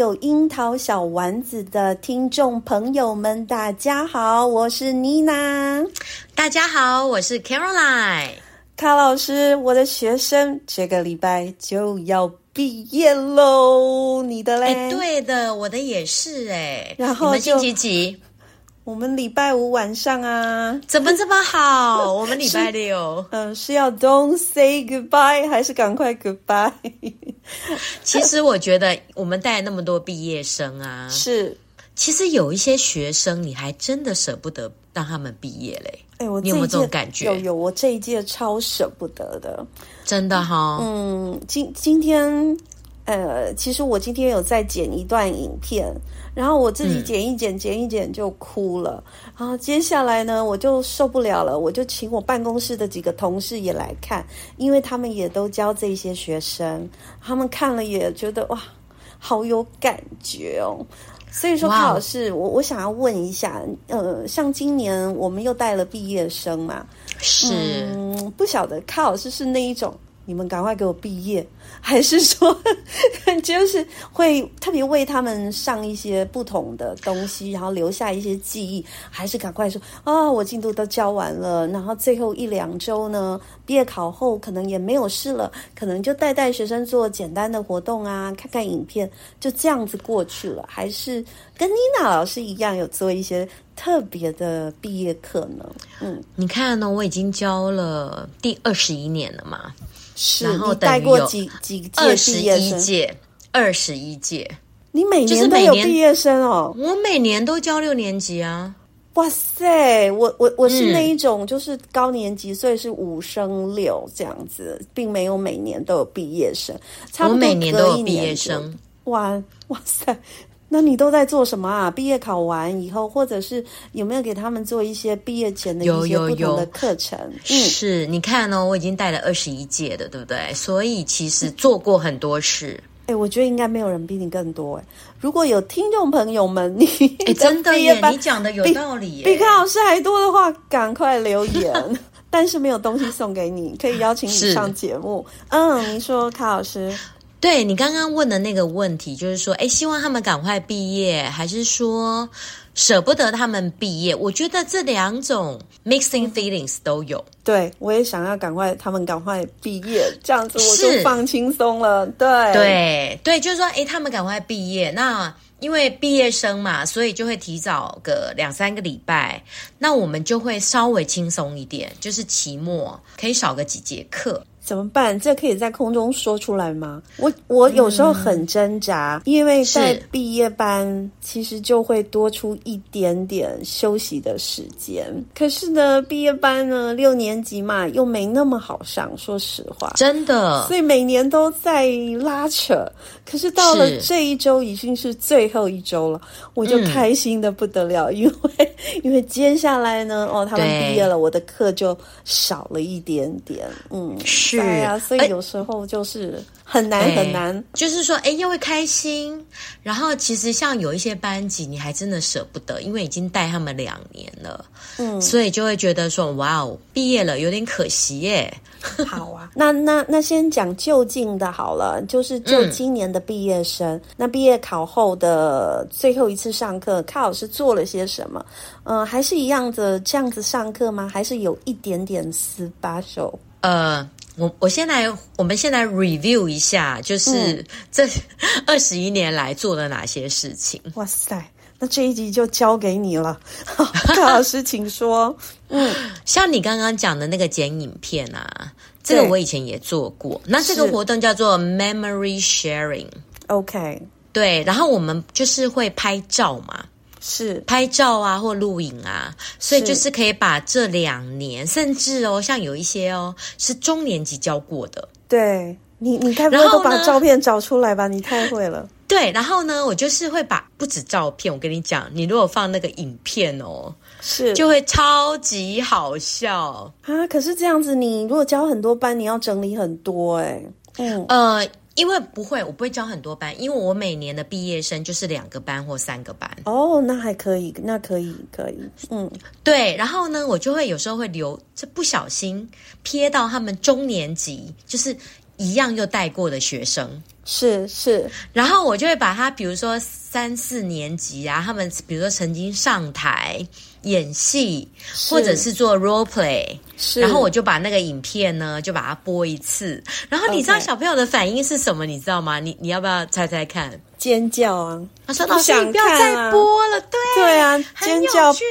有英桃小玩子的聽眾朋友們，大家好，我是妮娜。大家好，我是 Caroline 卡老師。我的學生這個禮拜就要畢業嘍，你的嘞、哎？對的，我的也是。哎，然後就幾幾。我們禮拜五晚上啊，怎麼這麼好？ 是我們禮拜六，嗯，是要 Don't say goodbye 還是趕快 goodbye？ 其實我覺得我們帶那麼多畢業生啊，是，其實有一些學生你還真的舍不得讓他們畢業嘞。哎、你有沒有這種感覺？有有，我這一屆超舍不得的，真的哈、哦嗯。嗯，今今天。呃，其實我今天有在剪一段影片，然後我自己剪一剪，嗯、剪一剪就哭了。然後接下來呢，我就受不了了，我就請我辦公室的幾個同事也來看，因為他們也都教這些學生，他們看了也覺得哇，好有感覺哦。所以說，卡 Wow 老師，我我想要問一下，呃，像今年我們又帶了畢業生嘛，是、嗯，不曉得卡老師是那一種。你們趕快給我畢業，還是說就是會特別為他們上一些不同的東西，然後留下一些記憶？還是趕快說啊、哦，我進度都教完了，然後最後一兩周呢，畢業考後可能也沒有事了，可能就帶帶學生做簡單的活動啊，看看影片，就這樣子過去了？還是跟妮娜老師一樣有做一些特別的畢業課呢？嗯，你看呢，我已經教了第二十一年了嘛。是然後帶過幾幾屆畢二十一屆，二十一屆，你每年都有每年畢業生哦。我每年都教六年級啊。哇塞，我我我是那一種，就是，高年，是高年級，所以是五升六這樣子，並沒有每年都有畢業生，差不多每年都有畢業生。哇哇塞！那你都在做什麼啊？畢業考完以後，或者是有沒有給他們做一些畢業前的一些不同的課程？嗯，是你看哦，我已經帶了二十一屆的，對不對？所以其實做過很多事。哎、嗯欸，我覺得應該沒有人比你更多哎。如果有聽眾朋友們，你的畢業班、欸、真的耶，你講的有道理比。比卡老師還多的話，趕快留言。 但是沒有東西送給你，可以邀請你上節目。的嗯，你說卡老師。對你剛剛問的那個問題，就是說，誒希望他們趕快畢業，還是說舍不得他們畢業？我覺得這兩種 mixing feelings 都有。對，我也想要趕快他們趕快畢業，這樣子我就放輕鬆了。是對對對，就是說，誒他們趕快畢業，那因為畢業生嘛，所以就會提早個兩三個禮拜，那我們就會稍微輕鬆一點，就是期末可以少個幾節課。怎麼辦？這可以在空中說出來嗎？我我有時候很掙扎，嗯、因為在畢業班，是其實就會多出一點點休息的時間。可是呢，畢業班呢，六年級嘛，又沒那麼好上。說實話，真的，所以每年都在拉扯。可是到了這一周，已經是最後一周了，是我就開心得不得了，嗯、因為因為接下來呢，哦，他們畢業了，對我的課就少了一點點。嗯，是。對呀、啊，所以有時候就是很難很難，哎、就是說哎，又會開心。然後其實像有一些班級，你還真的舍不得，因為已經帶他們兩年了，嗯，所以就會覺得說哇哦，畢業了有點可惜耶。 好啊，那那那先講就近的好了，就是就今年的畢業生，嗯、那畢業考後的最後一次上課，卡老師做了些什麼？嗯、呃，還是一樣的這樣子上課嗎？還是有一點點死八手？嗯、呃。我我先來，我們先來 review 一下，就是、嗯、這二十一年來做了哪些事情。哇塞，那這一集就交給你了，卡 老師，請說。嗯，像你剛剛講的那個剪影片啊，對這個我以前也做過。是那這個活動叫做 Memory Sharing，OK。Okay. 對，然後我們就是會拍照嘛。是拍照啊，或錄影啊，所以就是可以把這兩年，是甚至哦，像有一些哦，是中年級教過的，對，你，你該不會都把照片找出來吧？你太會了。對，然後呢，我就是會把不止照片，我跟你講，你如果放那個影片哦，是就會超級好笑啊。可是這樣子，你如果教很多班，你要整理很多哎、欸，嗯。呃因為不會，我不會教很多班，因為我每年的畢業生就是兩個班或三個班。哦，那還可以，那可以，可以，嗯，對。然後呢，我就會有時候會留，就不小心撇到他們中年級，就是一樣又帶過的學生，是是。是然後我就會把他，比如說三四年級啊，他們比如說曾經上台。演戲，或者是做 role play，然後我就把那個影片呢，就把它播一次。然後你知道小朋友的反應是什麼？你知道嗎？你你要不要猜猜看？尖叫啊！他說：“老師，你不要再播了。”對對啊，很有趣，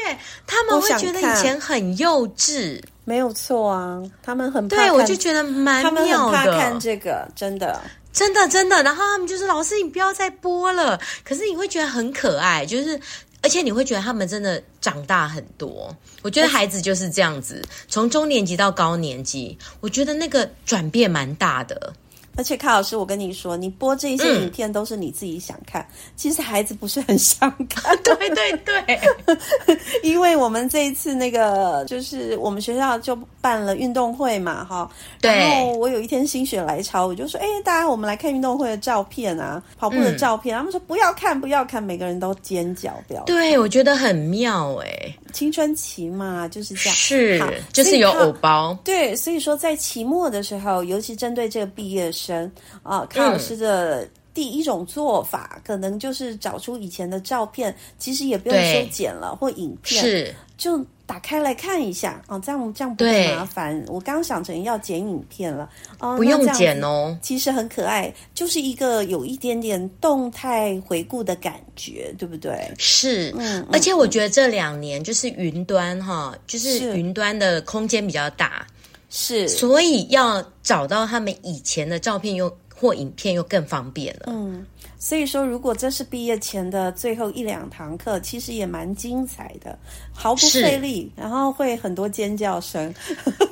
他們會覺得以前很幼稚，沒有錯啊。他們很對，我就覺得蠻妙的。他們很怕看這個，真的，真的，真的。然後他們就說老師，你不要再播了。可是你會覺得很可愛，就是。而且你會覺得他們真的長大很多。我覺得孩子就是這樣子，從中年級到高年級，我覺得那個轉變蠻大的。而且卡老師，我跟你說，你播這一些影片，都是你自己想看，嗯、其實孩子不是很想看。對對對，因為我們這一次那個就是我們學校就辦了運動會嘛，哈。對。然後我有一天心血來潮，我就說：“哎，大家我們來看運動會的照片啊，跑步的照片。嗯”他們說：“不要看，不要看！”每個人都尖叫，不要看。對，我覺得很妙哎、欸，青春期嘛就是這樣，是好就是有偶包。對，所以說在期末的時候，尤其針對這個畢業時。人啊，卡老師的第一種做法，嗯、可能就是找出以前的照片，其實也不用修剪了，對或影片，是就打開來看一下啊，這樣這樣不會麻煩。對我剛想成要剪影片了，啊、不用剪哦，其實很可愛，就是一個有一點點動態回顧的感覺，對不對？是，嗯、而且我覺得這兩年就是雲端哈，嗯、就是雲端的空間比較大。是，所以要找到他們以前的照片又或影片又更方便了。嗯，所以說如果這是畢業前的最後一兩堂課，其實也蠻精彩的，毫不費力，是然後會很多尖叫聲。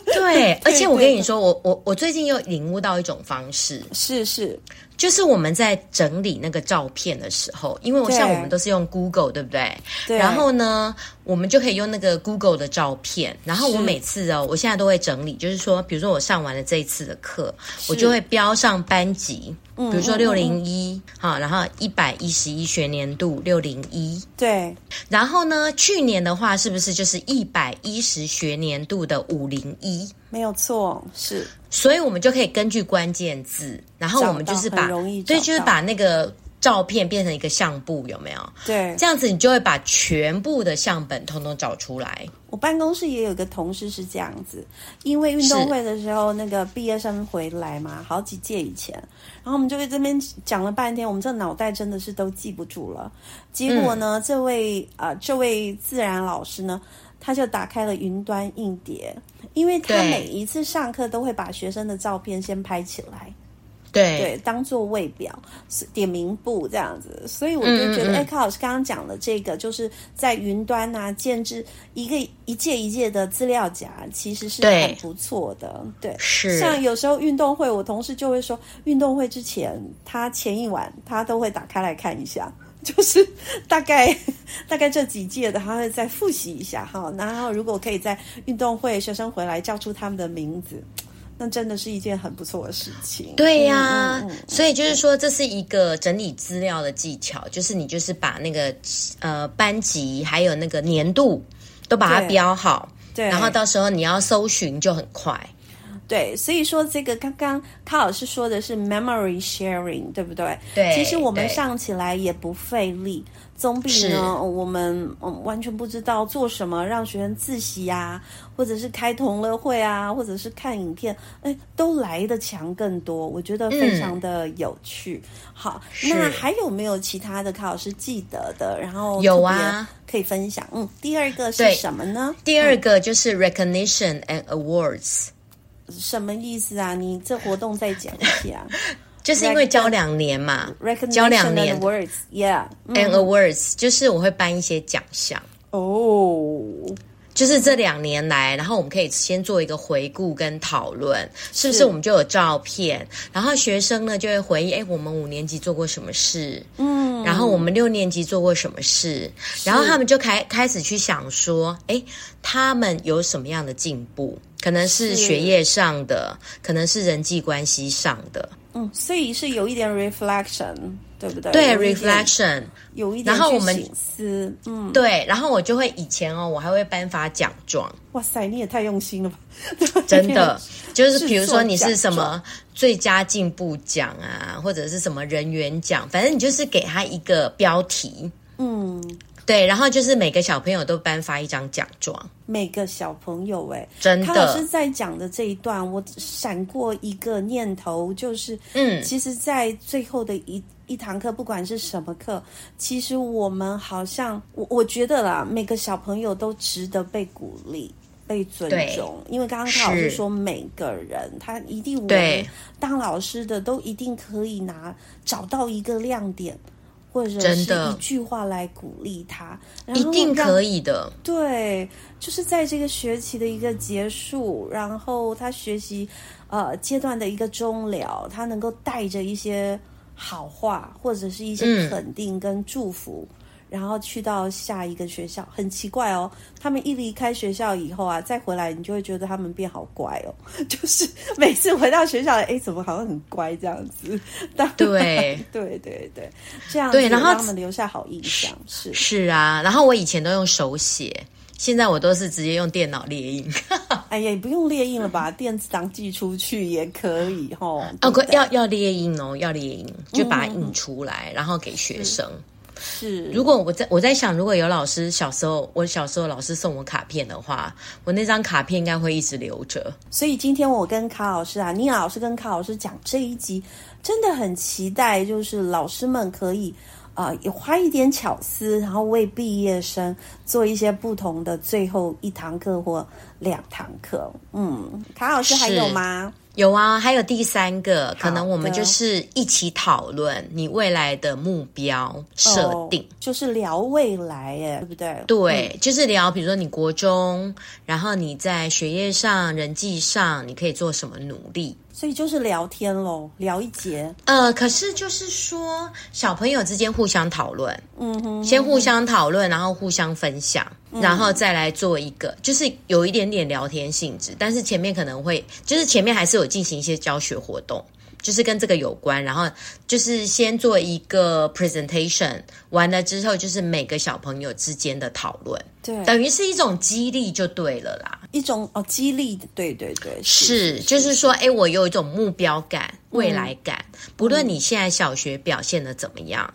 對， 對對，而且我跟你說，我我我最近又領悟到一種方式，是是。是就是我們在整理那個照片的時候，因為我像我們都是用 Google，對，對不對？對。然後呢，我們就可以用那個 Google 的照片。然後我每次哦，是我現在都會整理，就是說，比如說我上完了這一次的課，是我就會標上班級，是比如說六零一，好，然後一百一十一學年度六零一，對。然後呢，去年的話是不是就是一百一十學年度的五零一？沒有錯，是，所以我們就可以根據關鍵字，然後我們就是把很容易，對，就是把那個照片變成一個相簿，有沒有？對，這樣子你就會把全部的相本通通找出來。我辦公室也有一個同事是這樣子，因為運動會的時候是那個畢業生回來嘛，好幾屆以前，然後我們就在這邊講了半天，我們這腦袋真的是都記不住了。結果呢，嗯、這位啊、呃，這位自然老師呢。他就打開了雲端硬碟，因為他每一次上課都會把學生的照片先拍起來，對，對，當做位表點名簿這樣子，所以我就覺得，哎、嗯嗯，卡、欸、老師剛剛講的這個，就是在雲端吶、啊，建置一個一屆一屆的資料夾，其實是很不錯的。對，對是。像有時候運動會，我同事就會說，運動會之前，他前一晚他都會打開來看一下。就是大概大概這幾屆的，還會再複習一下哈。然後如果可以在運動會學生回來叫出他們的名字，那真的是一件很不錯的事情。對呀。啊，嗯嗯，所以就是說，這是一個整理資料的技巧，對，就是你就是把那個呃班級，還有那個年度都把它標好，對，對，然後到時候你要搜尋就很快。對，所以說這個剛剛卡老師說的是 memory sharing，對不對？對，其實我們上起來也不費力，總比對呢是、哦、我們、嗯、完全不知道做什麼，讓學生自習呀，啊，或者是開同樂會啊，或者是看影片，哎，都來得強更多。我覺得非常的有趣。嗯、好，是那還有沒有其他的卡老師記得的？然後有啊，可以分享。啊，嗯，第二個是什麼呢？第二個就是 recognition and awards。什麼意思啊？你這活動在講一下。 就是因為交兩年嘛，叫兩年，交兩年 awards，yeah，and awards，嗯，就是我會頒一些獎項哦。Oh. 就是這兩年來，然後我們可以先做一個回顧跟討論，是不是我們就有照片？是然後學生呢就會回憶，誒、哎，我們五年級做過什麼事？嗯，然後我們六年級做過什麼事？是然後他們就開開始去想說，誒、哎，他們有什麼樣的進步？可能是學業上的，是可能是學業上的，可能是人際關係上的。嗯，所以是有一點 reflection。對不對？對，reflection，有一點，然後我們，嗯，對，然後我就會以前哦，我還會頒發獎狀。哇塞，你也太用心了吧！ 真的，就是比如說你是什麼最佳進步獎啊，或者是什麼人員獎，反正你就是給他一個標題，嗯。對，然後就是每個小朋友都頒發一張獎狀。每個小朋友、欸，哎，真的，他老師在講的這一段，我閃過一個念頭，就是，嗯，其實，在最後的一一堂課，不管是什麼課，其實我們好像，我我覺得啦，每個小朋友都值得被鼓勵、被尊重，對因為剛剛他老師說，是每個人他一定，對，當老師的都一定可以拿找到一個亮點。或者是一句話來鼓勵他，真的，一定可以的。對，就是在這個學期的一個結束，然後他學習呃階段的一個終了，他能夠帶着一些好話，或者是一些肯定跟祝福。嗯然後去到下一個學校，很奇怪哦。他們一離開學校以後啊，再回來你就會覺得他們變好乖哦。就是每次回到學校，誒怎麼好像很乖這樣子？對對對對，這樣子對，然後他們留下好印象。是是啊。然後我以前都用手寫，現在我都是直接用電腦列印。哎呀，不用列印了吧？ 電子檔寄出去也可以哈。吼哦，吧要要列印哦，要列印，嗯、就把它印出來，然後給學生。是，如果我在我在想，如果有老師小時候，我小時候老師送我卡片的話，我那張卡片應該會一直留着。所以今天我跟卡老師啊，玲老師跟卡老師講這一集，真的很期待，就是老師們可以啊，也、呃、花一點巧思，然後為畢業生做一些不同的最後一堂課或兩堂課。嗯，卡老師還有嗎？有啊，還有第三個，好的，可能我們就是一起討論你未來的目標設定，oh, 就是聊未來，對不對？對，嗯、就是聊，比如說你國中，然後你在學業上、人際上，你可以做什麼努力？所以就是聊天嘍，聊一節。呃，可是就是說，小朋友之間互相討論，嗯哼，嗯哼，先互相討論，然後互相分享，然後再來做一個，嗯哼，就是有一點點聊天性質，但是前面可能會，就是前面還是有進行一些教學活動。就是跟這個有關，然後就是先做一個 presentation，完了之後就是每個小朋友之間的討論，對，等於是一種激勵就對了啦，一種哦激勵，對對對，是，是是是就是說，哎、欸，我有一種目標感、未來感，嗯、不論你現在小學表現得怎麼樣，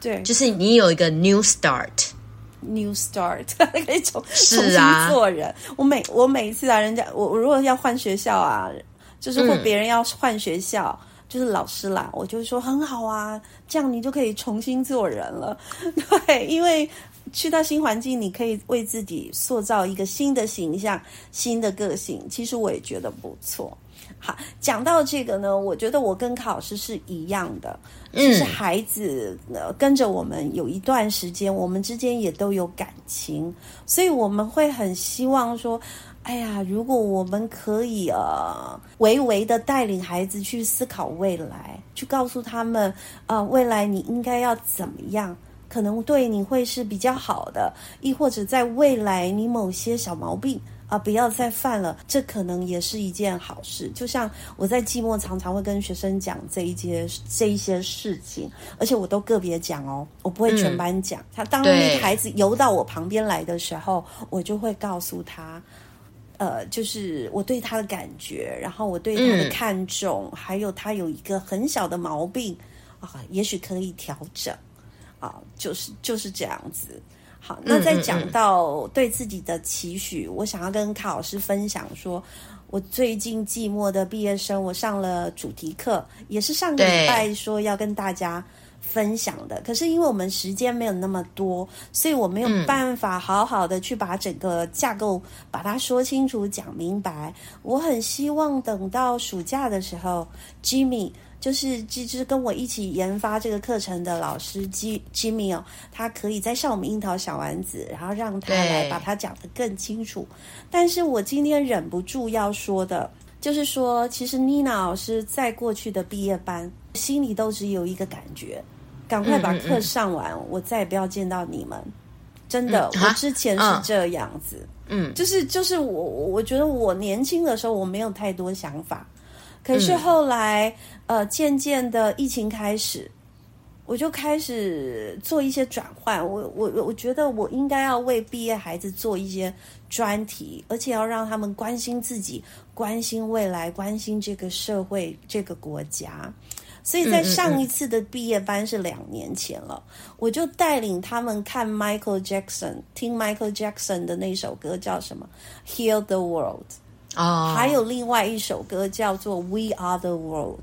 對，就是你有一個 new start，new start 那種重新做人，是啊。我每我每一次啊，人家我我如果要換學校啊，就是或別人要換學校。嗯就是老師啦，我就是說很好啊，這樣你就可以重新做人了，對，因為去到新環境，你可以為自己塑造一個新的形象、新的個性。其實我也覺得不錯。好，講到這個呢，我覺得我跟卡老師是一樣的，就是孩子跟着我們有一段時間，我們之間也都有感情，所以我們會很希望說。哎呀，如果我們可以呃，微微的帶領孩子去思考未來，去告訴他們啊、呃，未來你應該要怎麼樣，可能對你會是比較好的，亦或者在未來你某些小毛病啊、呃，不要再犯了，這可能也是一件好事。就像我在期末，常常會跟學生講這一些這一些事情，而且我都個別講哦，我不會全班講。他、嗯、當那孩子遊到我旁邊來的時候，我就會告訴他。呃，就是我對他的感覺，然後我對他的看重，嗯、還有他有一個很小的毛病啊，也許可以調整啊，就是就是這樣子。好，那再講到對自己的期許，嗯嗯嗯，我想要跟卡老師分享說，我最近寂寞的畢業生，我上了主題課，也是上個禮拜說要跟大家。分享的，可是因為我們時間沒有那麼多，所以我沒有辦法好好的去把整個架構、嗯、把它說清楚講明白。我很希望等到暑假的時候，Jimmy 就是芝芝、就是、跟我一起研發這個課程的老師，吉 Jimmy 哦，他可以再上我們櫻桃小丸子，然後讓他來把它講得更清楚。對但是我今天忍不住要說的。就是說，其實妮娜老師在過去的畢業班心裡都只有一個感覺：趕快把課上完，嗯嗯嗯、我再也不要見到你們。真的，嗯、我之前是這樣子。嗯，就是就是我，我覺得我年輕的時候我沒有太多想法，可是後來、嗯、呃，漸漸的疫情開始，我就開始做一些轉換。我我我覺得我應該要為畢業孩子做一些。專題，而且要讓他們關心自己，關心未來，關心這個社會，這個國家。所以在上一次的畢業班是兩年前了，嗯嗯嗯，我就帶領他們看 Michael Jackson，聽 Michael Jackson 的那首歌叫什麼《Heal the World》啊、哦，還有另外一首歌叫做《We Are the World》，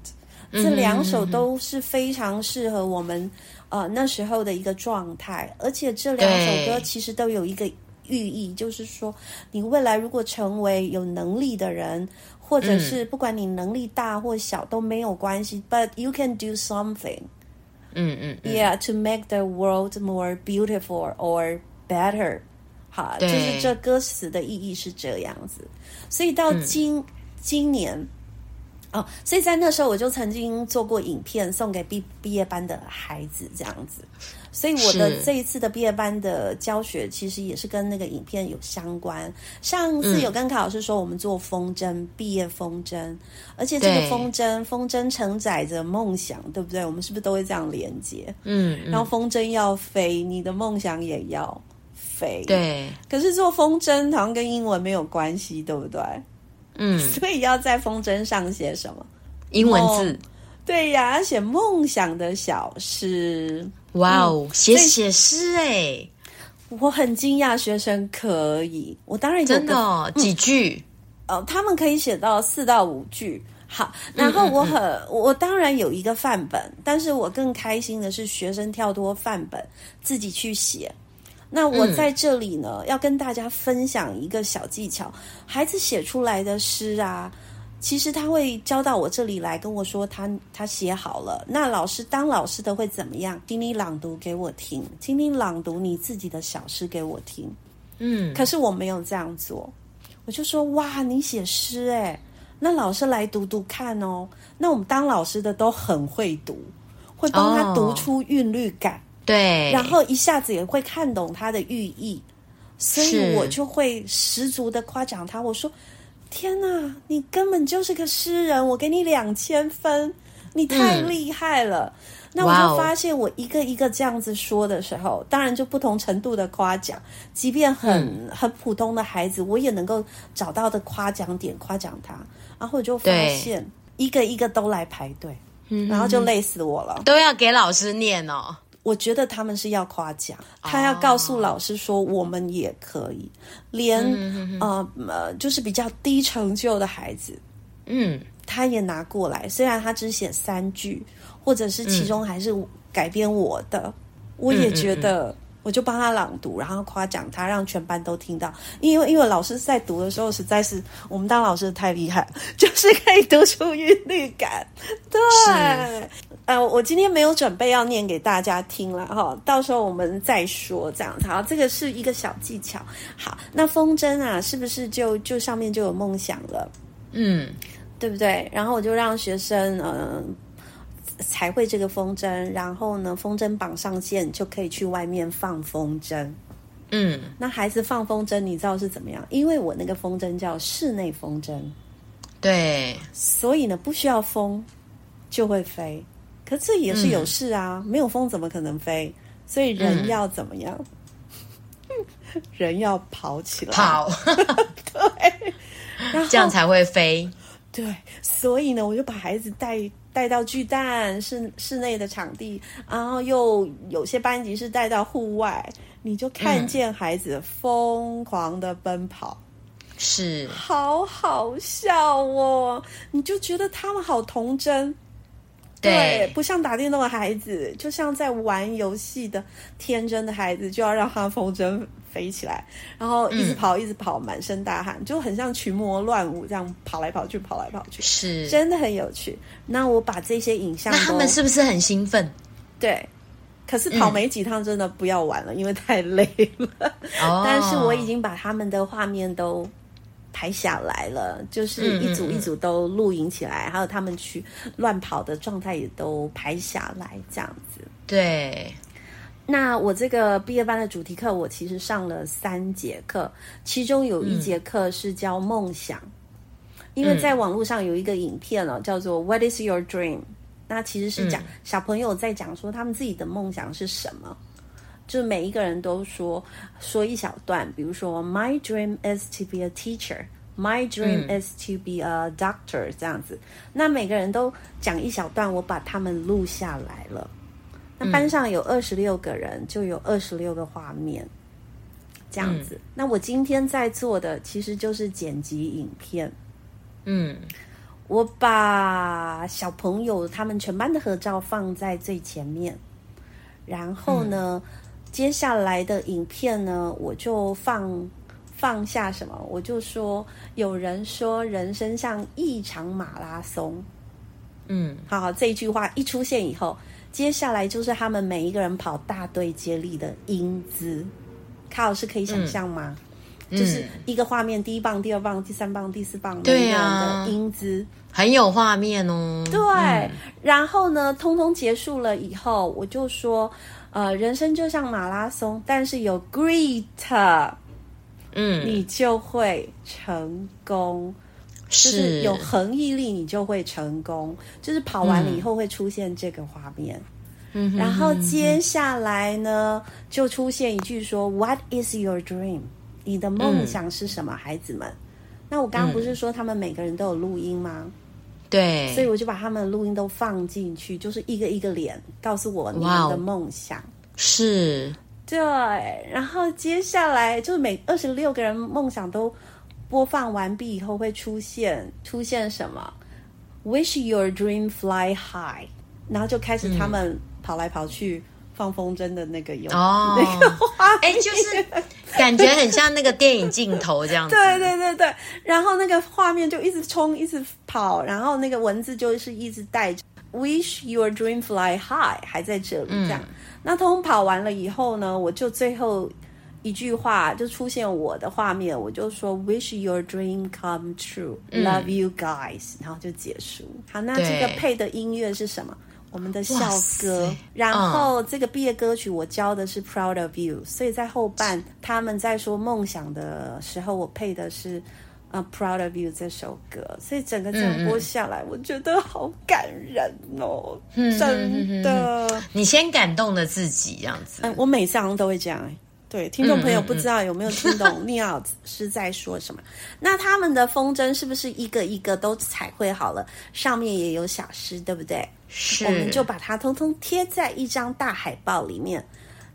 這兩首都是非常適合我們、呃、那時候的一個狀態，而且這兩首歌其實都有一個。寓意，就是說，你未來如果成為有能力的人，或者是不管你能力大或小都沒有關係、嗯、，but you can do something 嗯。嗯嗯，Yeah，to make the world more beautiful or better。好，對就是這歌詞的意義是這樣子。所以到今、嗯、今年，哦，所以在那時候我就曾經做過影片送給畢畢業班的孩子這樣子。所以我的這一次的畢業班的教學，其實也是跟那個影片有相關。上次有跟卡老師說，我們做風箏畢業風箏，而且這個風箏風箏承載着夢想，對不對？我們是不是都會這樣連接？嗯，然後風箏要飛，你的夢想也要飛。對，可是做風箏好像跟英文沒有關係，對不對？嗯，所以要在風箏上寫什麼？英文字？對呀，要寫夢想的小詩。哇哦，寫寫詩哎！我很驚訝，學生可以。我當然有個真的、哦，幾句，呃、嗯哦，他們可以寫到四到五句。好，然後我很，嗯嗯嗯，我當然有一個範本，但是我更開心的是學生跳脫範本，自己去寫。那我在這裡呢，嗯、要跟大家分享一個小技巧：孩子寫出來的詩啊。其實他會交到我這裡來跟我說他，他他寫好了。那老師當老師的會怎麼樣？請你朗讀給我聽，請你朗讀你自己的小詩給我聽。嗯，可是我沒有這樣做，我就說哇，你寫詩哎，那老師來讀讀看哦。那我們當老師的都很會讀，會幫他讀出韻律感，哦、對，然後一下子也會看懂他的寓意，所以我就會十足的誇獎他，我說。天哪，你根本就是個詩人！我給你兩千分，你太厲害了。嗯、那我就發現，我一個一個這樣子說的時候，Wow 當然就不同程度的誇獎，即便很、嗯、很普通的孩子，我也能夠找到的誇獎點，誇獎他。然後我就發現，對一個一個都來排隊，然後就累死我了，都要給老師念哦。我覺得他們是要誇獎，他要告訴老師說我們也可以，oh. 連、mm hmm. 呃就是比較低成就的孩子，嗯，mm. 他也拿過來，雖然他只寫三句，或者是其中還是改編我的，mm. 我也覺得。我就幫他朗讀，然後誇獎他，讓全班都聽到。因為因為老師在讀的時候，實在是我們當老師的太厲害，就是可以讀出韻律感。對，是呃，我今天沒有準備要念給大家聽了哈，到時候我們再說這樣子啊。這個是一個小技巧。好，那風箏啊，是不是就就上面就有夢想了？嗯，對不對？然後我就讓學生嗯。呃才會這個風箏，然後呢，風箏綁上線就可以去外面放風箏。嗯，那孩子放風箏，你知道是怎麼樣？因為我那個風箏叫室內風箏，對，所以呢，不需要風就會飛。可是這也是有事啊，嗯、沒有風怎麼可能飛？所以人要怎麼樣？嗯、 人要跑起來，跑， 對，這樣才會飛。對，所以呢，我就把孩子帶。帶到巨蛋室室內的場地，然後又有些班級是帶到戶外，你就看見孩子瘋狂的奔跑，嗯、是好好笑哦！你就覺得他們好童真，對，對，不像打電動的孩子，就像在玩遊戲的天真的孩子，就要讓他放風箏。飛起來，然後一直跑，一直跑，滿、嗯、身大汗，就很像群魔亂舞，這樣跑來跑去，跑來跑去，是真的很有趣。那我把這些影像，那他們是不是很興奮？對，可是跑沒幾趟，真的不要玩了，嗯、因為太累了。哦、但是我已經把他們的畫面都拍下來了，就是一組一組都錄影起來，還有、嗯嗯、他們去亂跑的狀態也都拍下來，這樣子。對。那我這個畢業班的主題課，我其實上了三節課，其中有一節課是叫夢想，嗯，因為在網絡上有一個影片哦，叫做 What is your dream？那其實是講，嗯，小朋友在講說他們自己的夢想是什麼，就每一個人都說說一小段，比如說 My dream is to be a teacher，My dream is to be a doctor，這樣子，那每個人都講一小段，我把他們錄下來了。那班上有二十六個人，嗯、就有二十六個畫面，這樣子。嗯、那我今天在做的其實就是剪輯影片。嗯，我把小朋友他們全班的合照放在最前面，然後呢，嗯、接下來的影片呢，我就放放下什麼，我就說有人說人生像一場馬拉松。嗯，好，這一句話一出現以後，接下來就是他們每一個人跑大隊接力的英姿，卡老師可以想象嗎？嗯嗯、就是一個畫面，第一棒、第二棒、第三棒、第四棒那樣的，對呀，英姿很有畫面哦。對，嗯、然後呢，通通結束了以後，我就說，呃，人生就像馬拉松，但是有 great，嗯，你就會成功。就是有恆毅力，你就會成功。是，就是跑完了以後會出現這個畫面，嗯，然後接下來呢，就出現一句說 “What is your dream？” 你的夢想是什麼，嗯，孩子們？那我剛剛不是說他們每個人都有錄音嗎？嗯，對，所以我就把他們的錄音都放進去，就是一個一個臉告訴我你們的夢想是對。然後接下來就是每二十六個人夢想都。播放完畢以後會出現，出現什麼？Wish your dream fly high，然後就開始他們跑來跑去放風箏的那個有、嗯、那個畫面，面、哦、就是感覺很像那個電影鏡頭這樣子。 對，對對對對，然後那個畫面就一直衝，一直跑，然後那個文字就是一直帶着 Wish your dream fly high 還在這裡這樣。嗯、那通跑完了以後呢，我就最後。一句話就出現我的畫面，我就說 Wish your dream come true, love you guys、嗯、然後就結束。好，那這個配的音樂是什麼？我們的校歌，哇塞，然後這個畢業歌曲我教的是 Proud of You、嗯、所以在後半他們在說夢想的時候，我配的是呃、uh, Proud of You 這首歌，所以整個整播下來，嗯嗯，我覺得好感人哦，真的。嗯、哼哼哼，你先感動了自己，這樣子、嗯。我每次好像都會這樣、欸對，聽眾朋友不知道有沒有聽懂，聶老是在說什麼？嗯嗯、 那他們的風箏是不是一個一個都彩繪好了，上面也有小詩，對不對？是，我們就把它通通貼在一張大海報裡面。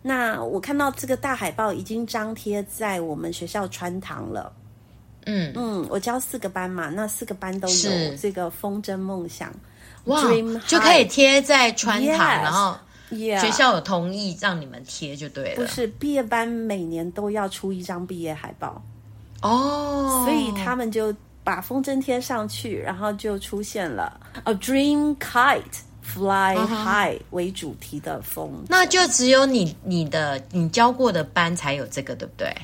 那我看到這個大海報已經張貼在我們學校穿堂了。嗯嗯，我教四個班嘛，那四個班都有這個風箏夢想是哇，Dream Heart, 就可以貼在穿堂，Yes 然後。Yeah. 學校有同意讓你們貼就對了。不是畢業班每年都要出一張畢業海報哦，oh. 所以他們就把風箏貼上去，然後就出現了 “A dream kite fly high”、uh huh. 為主題的風。那就只有你、你的、你教過的班才有這個，對不對？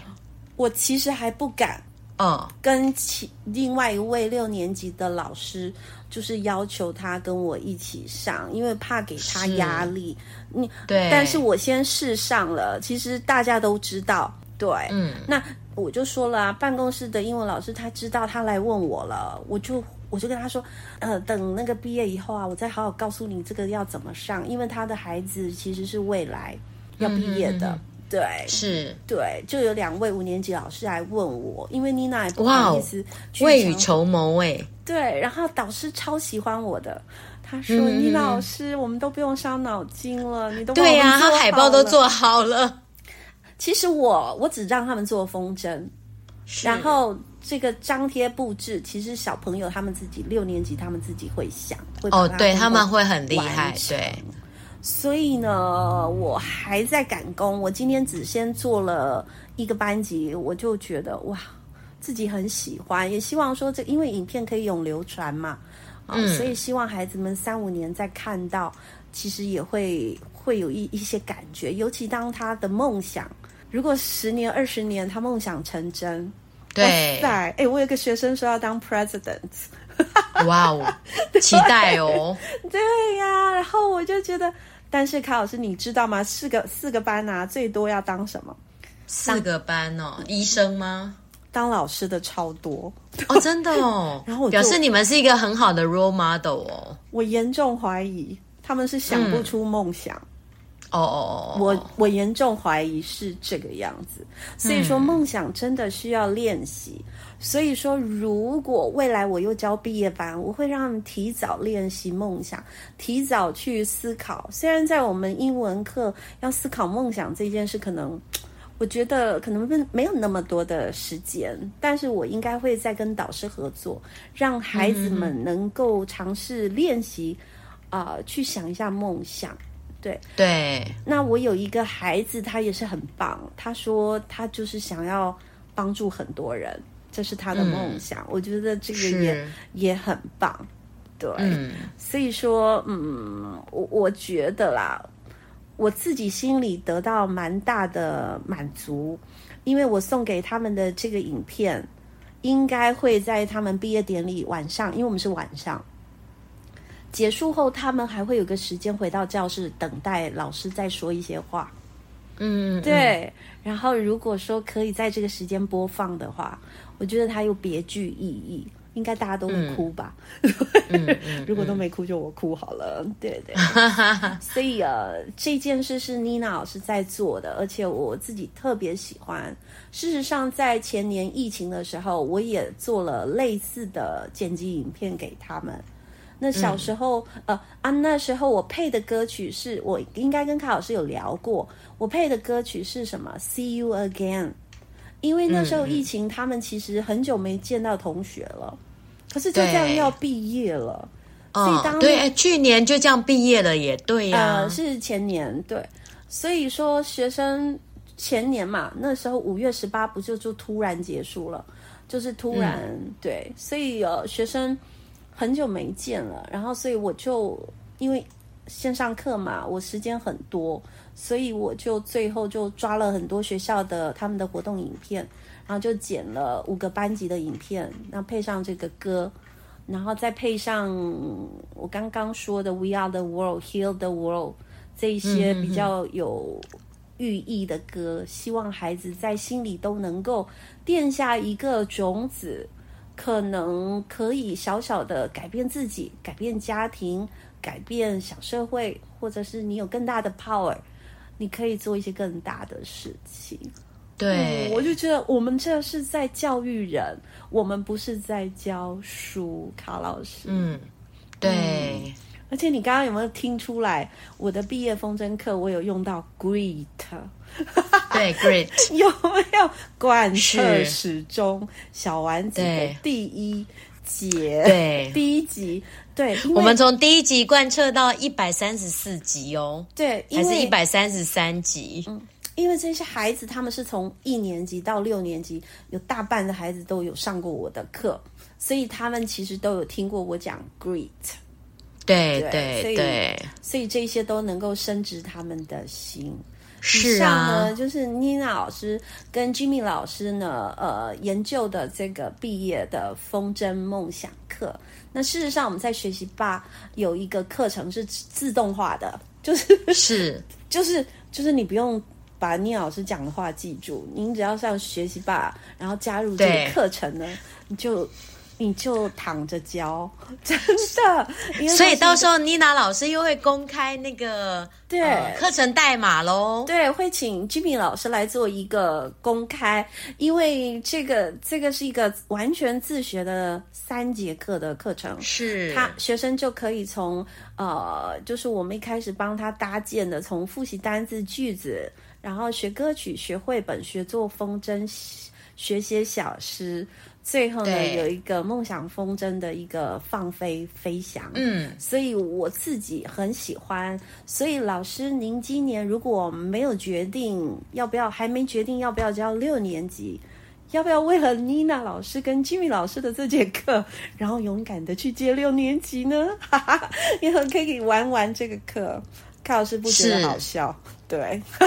我其實還不敢。嗯，跟其另外一位六年級的老師，就是要求他跟我一起上，因為怕給他壓力。你是對，但是我先試上了。其實大家都知道，對，嗯，那我就說了啊，辦公室的英文老師他知道，他來問我了，我就我就跟他說，呃，等那個畢業以後啊，我再好好告訴你這個要怎麼上，因為他的孩子其實是未來要畢業的。嗯嗯嗯對，是對，就有兩位五年級老師來問我，因為妮娜也不好意思，哇成未雨綢繆哎，對，然後導師超喜歡我的，他說：“妮娜、嗯、老師，我們都不用傷腦筋了，你都了對呀、啊，他海報都做好了。”其實我我只讓他們做風箏，是然後這個張貼佈置，其實小朋友他們自己六年級他們自己會想，會哦，對他們會很厲害，成對。所以呢，我還在趕工。我今天只先做了一個班級，我就覺得哇，自己很喜歡，也希望說這因為影片可以永流傳嘛，啊、哦，嗯、所以希望孩子們三五年再看到，其實也會會有一一些感覺。尤其當他的夢想，如果十年二十年他夢想成真，對，誒、欸，我有個學生說要當 president，哇哦，期待哦， 對呀、啊，然後我就覺得。但是卡老師，你知道嗎？四個四個班啊，最多要當什麼？四個班哦，醫生嗎？當老師的超多哦，真的哦。 然後表示你們是一個很好的 role model 哦。我嚴重懷疑他們是想不出夢想。嗯哦哦哦！Oh, 我我嚴重懷疑是這個樣子，所以說夢想真的需要練習。嗯、所以說，如果未來我又教畢業班，我會讓他們提早練習夢想，提早去思考。雖然在我們英文課要思考夢想這件事，可能我覺得可能沒沒有那麼多的時間，但是我應該會再跟導師合作，讓孩子們能夠嘗試練習啊、嗯呃，去想一下夢想。對對，對那我有一個孩子，他也是很棒。他說他就是想要幫助很多人，這是他的夢想。嗯、我覺得這個也是也很棒。對，嗯、所以說，嗯，我我覺得啦，我自己心裡得到蠻大的滿足，因為我送給他們的這個影片，應該會在他們畢業典禮晚上，因為我們是晚上。結束後，他們還會有個時間回到教室，等待老師再說一些話。嗯，嗯對。然後，如果說可以在這個時間播放的話，我覺得它又別具意義，應該大家都會哭吧？如果都沒哭，就我哭好了。對對。所以，呃，這件事是妮娜老師在做的，而且我自己特別喜歡。事實上，在前年疫情的時候，我也做了類似的剪輯影片給他們。那小時候，嗯、呃啊，那時候我配的歌曲是我應該跟卡老師有聊過，我配的歌曲是什麼？See you again，因為那時候疫情，嗯、他們其實很久沒見到同學了，可是就這樣要畢業了，對所以當、哦、對，去年就這樣畢業了也，也對呀、啊呃，是前年對，所以說學生前年嘛，那時候五月十八不就就突然結束了，就是突然、嗯、對，所以呃學生。很久沒見了，然後所以我就因為線上課嘛，我時間很多，所以我就最後就抓了很多學校的他們的活動影片，然後就剪了五個班級的影片，那配上這個歌，然後再配上我剛剛說的《We Are the World》《Heal the World》這一些比較有寓意的歌，希望孩子在心裡都能夠墊下一個種子。可能可以小小的改變自己，改變家庭，改變小社會，或者是你有更大的 power，你可以做一些更大的事情。對、嗯，我就覺得我們這是在教育人，我們不是在教書。卡老師，嗯，對，嗯。而且你剛剛有沒有聽出來，我的畢業風箏課我有用到 greet。 對，Great，有沒有貫徹始終。小玩子的第一集，對，第一集，對，我們從第一集貫徹到一百三十四集哦，對，還是一百三十三集、嗯。因為這些孩子，他們是從一年級到六年級，有大半的孩子都有上過我的課，所以他們其實都有聽過我講 Great。對對對，所以這些都能夠深植他們的心。是上呢，就是妮娜老師跟 Jimmy 老師呢，呃，研究的這個畢業的風箏夢想課。那事實上，我們在學習吧有一個課程是自動化的，就是是 就是就是你不用把妮娜老師講的話記住，您只要上學習吧，然後加入這個課程呢，對你就。你就躺着教， 真的。所以到時候妮娜老師又會公開那個對、呃、課程代碼嘍，對，會請 Jimmy 老師來做一個公開，因為這個這個是一個完全自學的三節課的課程，是，他學生就可以從呃，就是我們一開始幫他搭建的，從複習單字句子，然後學歌曲、學繪本、學做風箏、學寫小詩。最後呢，對有一個夢想風箏的一個放飛飛翔。嗯，所以我自己很喜歡。所以老師，您今年如果沒有決定要不要，還沒決定要不要教六年級，要不要為了妮娜老師跟 Jimmy 老師的這節課，然後勇敢的去接六年級呢？哈哈，也很可以玩玩這個課。是，不覺得好笑，是對，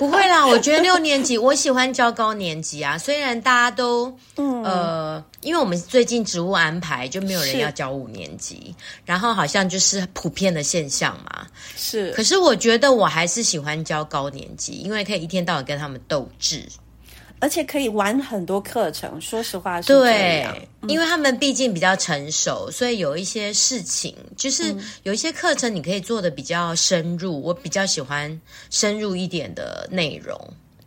不會啦。我覺得六年級，我喜歡教高年級啊。雖然大家都，呃，因為我們最近職務安排就沒有人要教五年級，是然後好像就是普遍的現象嘛。是，可是我覺得我還是喜歡教高年級，因為可以一天到晚跟他們鬥智。而且可以玩很多課程，說實話是，對，嗯、因為他們畢竟比較成熟，所以有一些事情，就是有一些課程你可以做得比較深入。嗯、我比較喜歡深入一點的內容。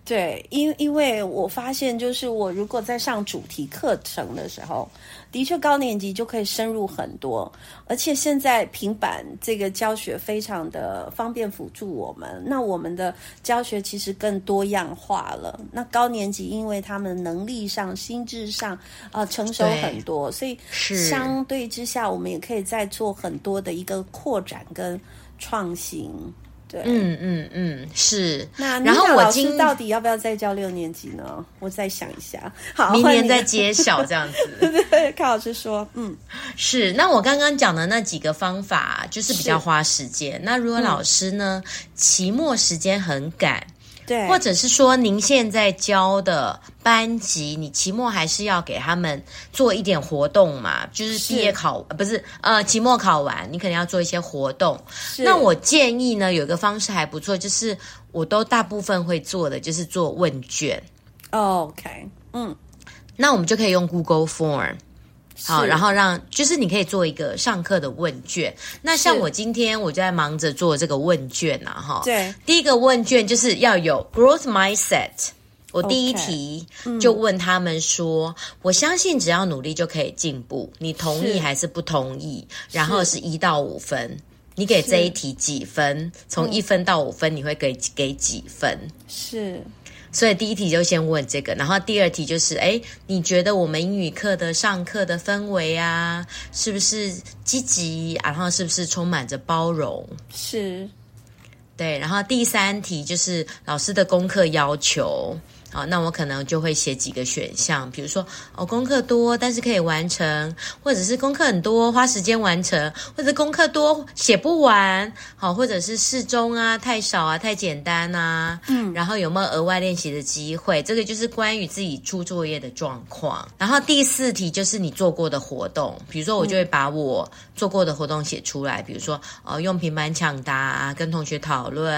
對，因因為我發現，就是我如果在上主題課程的時候，的確高年級就可以深入很多，而且現在平板這個教學非常的方便輔助我們，那我們的教學其實更多樣化了。那高年級因為他們能力上、心智上啊、呃、成熟很多，對所以相對之下，是我們也可以再做很多的一個擴展跟創新。對嗯嗯嗯，是。那你然後我老師到底要不要再教六年級呢？我再想一下，好，明年再揭曉這樣子。 對對對，看老師說，嗯，是。那我剛剛講的那幾個方法，就是比較花時間。是那如果老師呢，嗯、期末時間很趕？對，或者是說，您現在教的班級，你期末還是要給他們做一點活動嘛？就是畢業考，不是，呃，期末考完，你可能要做一些活動。是那我建議呢，有一個方式還不錯，就是我都大部分會做的，就是做問卷。Oh, OK，嗯，那我們就可以用 Google Form。好，是然後讓，就是你可以做一個上課的問卷。那像我今天我就在忙着做這個問卷吶、啊，哈。對。第一個問卷就是要有 growth mindset。我第一題就問他們說：Okay. 嗯、我相信只要努力就可以進步，你同意還是不同意？是然後是一到五分，你給這一題幾分？是 從一分到五分，你會給給幾分？是。所以第一題就先問這個，然後第二題就是，誒、欸，你覺得我們英語課的上課的氛圍啊，是不是積極、啊，然後是不是充滿着包容？是，對。然後第三題就是老師的功課要求，好，那我可能就會寫幾個選項，比如說哦，功課多，但是可以完成，或者是功課很多花時間完成，或者是功課多寫不完，好，或者是適中啊，太少啊，太簡單啊，嗯，然後有沒有額外練習的機會？這個就是關於自己出作業的狀況。然後第四題就是你做過的活動，比如說我就會把我做過的活動寫出來，比如說哦，用平板搶答啊，跟同學討論，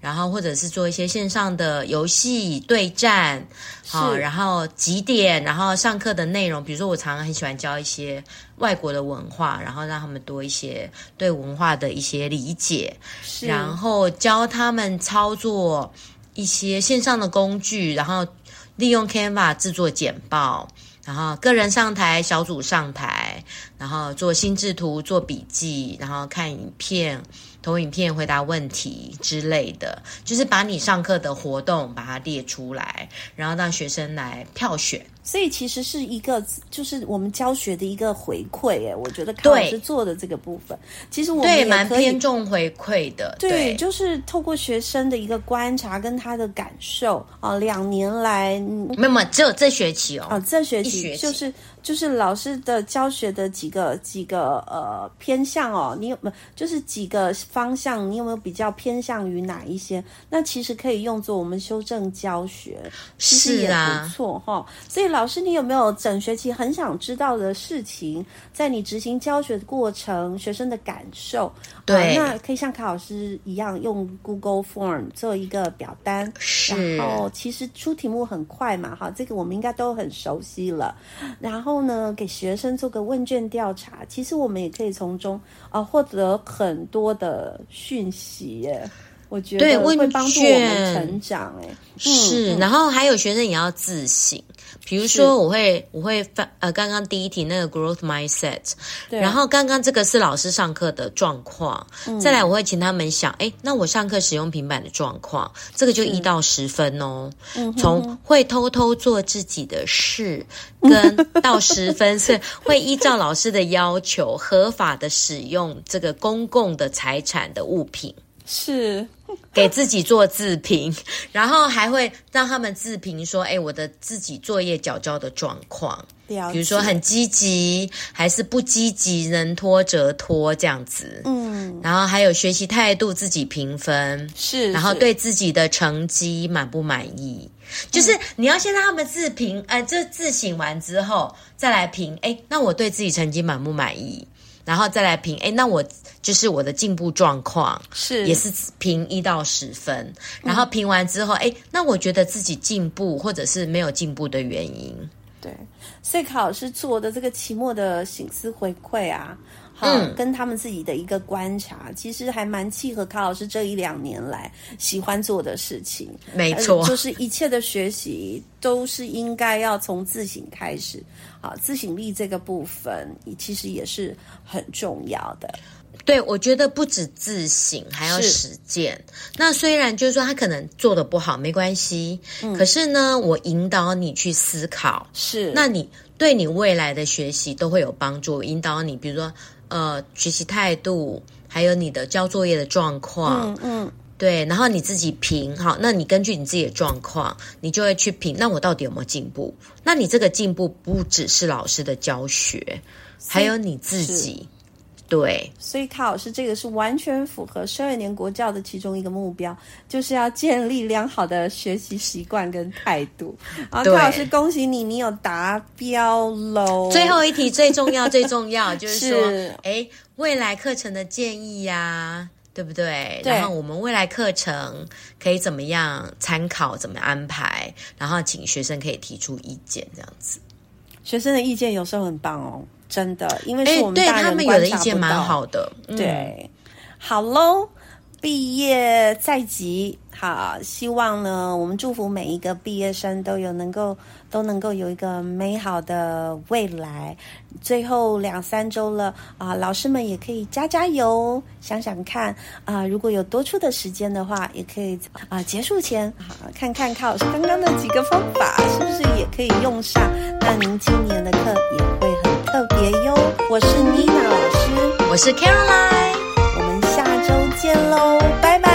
然後或者是做一些線上的遊戲對戰。站好是、哦，然後集點，然後上課的內容，比如說我常常很喜歡教一些外國的文化，然後讓他們多一些對文化的一些理解。是，然後教他們操作一些線上的工具，然後利用 Canva 製作簡報，然後個人上台，小組上台，然後做心智圖、做筆記，然後看影片。投影片回答問題之類的，就是把你上課的活動把它列出來，然後讓學生來票選。所以其實是一個，就是我們教學的一個回饋誒，我覺得卡老師做的這個部分，對其實我們也對蠻偏重回饋的，對，對就是透過學生的一個觀察跟他的感受啊、呃，兩年來沒有沒有，只有這學期哦，哦這學期，學期就是就是老師的教學的幾個幾個呃偏向哦，你有沒有就是幾個方向，你有沒有比較偏向於哪一些？那其實可以用作我們修正教學，是啦、啊，不錯哈，所以。老師，你有沒有整學期很想知道的事情？在你執行教學的過程，學生的感受，對、啊，那可以像卡老師一樣用 Google Form 做一個表單，是。然後其實出題目很快嘛，哈，這個我們應該都很熟悉了。然後呢，給學生做個問卷調查，其實我們也可以從中啊獲得很多的訊息耶。我覺得會幫助我們成長，誒、嗯、是。然後還有學生也要自省。比如說，我會是我會發呃，剛剛第一題那個 growth mindset，對然後剛剛這個是老師上課的狀況，嗯、再來我會請他們想，誒，那我上課使用平板的狀況，這個就一到十分哦，是從會偷偷做自己的事，嗯、哼哼，跟到十分 是會依照老師的要求，合法的使用這個公共的財產的物品。是 給自己做自評，然後還會讓他們自評說：“哎，我的自己作業繳交的狀況，解比如說很積極還是不積極，能拖則拖這樣子。”嗯，然後還有學習態度自己評分是，是，然後對自己的成績滿不滿意？就是你要先讓他們自評，哎、嗯，這、呃、自省完之後再來評，哎，那我對自己成績滿不滿意？然後再來評，哎，那我就是我的進步狀況是，也是評一到十分。嗯、然後評完之後，哎，那我覺得自己進步或者是沒有進步的原因，對，所以老師做的這個期末的省思回饋啊。嗯、哦，跟他們自己的一個觀察，嗯、其實還蠻契合。卡老師這一兩年來喜歡做的事情，沒錯，就是一切的學習都是應該要從自省開始啊、哦。自省力這個部分，其實也是很重要的。對，對我覺得不止自省，還要實踐。是那雖然就是說他可能做得不好，沒關係，嗯、可是呢，我引導你去思考，是，那你對你未來的學習都會有幫助。引導你，比如說。呃，學習態度，還有你的交作業的狀況，嗯嗯，嗯對，然後你自己評，好，那你根據你自己的狀況，你就會去評，那我到底有沒有進步？那你這個進步不只是老師的教學，還有你自己。對，所以卡老師這個是完全符合十二年國教的其中一個目標，就是要建立良好的學習習慣跟態度。好，卡老師，恭喜你，對你有達標嘍！最後一題最重要，最重要就是說，哎 是，未來課程的建議呀、啊，對不對？對，然後我們未來課程可以怎麼樣參考，怎麼安排？然後請學生可以提出意見，這樣子。學生的意見有時候很棒哦。真的，因為是我們大人對他們有的意見蠻好的。嗯、對，好嘍，畢業在即，好，希望呢，我們祝福每一個畢業生都有能夠都能夠有一個美好的未來。最後兩三週了啊、呃，老師們也可以加加油，想想看啊、呃，如果有多出的時間的話，也可以啊、呃，結束前好看看，看老師剛剛的幾個方法是不是也可以用上，那您今年的課也會很特別喲！我是妮娜老師，我是 Caroline，我們下周見嘍，拜拜。